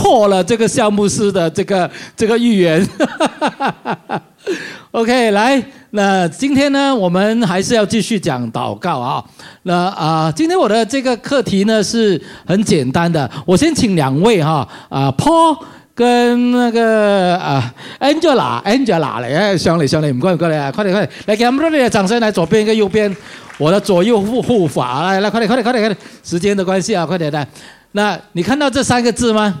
破了這個項目師的這個這個預言 ，OK，哈哈哈。來，那今天呢，我們還是要繼續講禱告啊、哦。那啊、呃，今天我的這個課題呢是很簡單的，我先請兩位哈、哦、啊、呃、，Paul 跟那個啊，Angela，Angela 來，哎、呃，上嚟上嚟，你該唔過來啊，快點快點，快點，來給他們熱烈的掌聲來，來左邊一個右邊，我的左右護護法來來，來快點快點快點快點，時間的關係啊，快點來，那你看到這三個字嗎？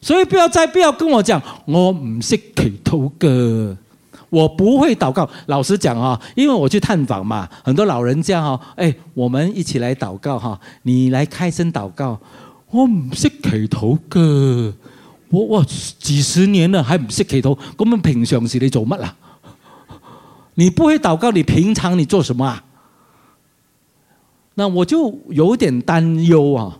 所以不要再不要跟我講，我唔識祈禱嘅，我不會禱告。老實講啊，因為我去探訪嘛，很多老人家啊，哎，我們一起來禱告哈、啊，你來開聲禱告。我唔識祈禱嘅，我我幾十年了還不頭，還唔識祈禱，咁樣平常時你做乜啦、啊？你不會禱告你，你平常你做什麼啊？那我就有點擔憂啊。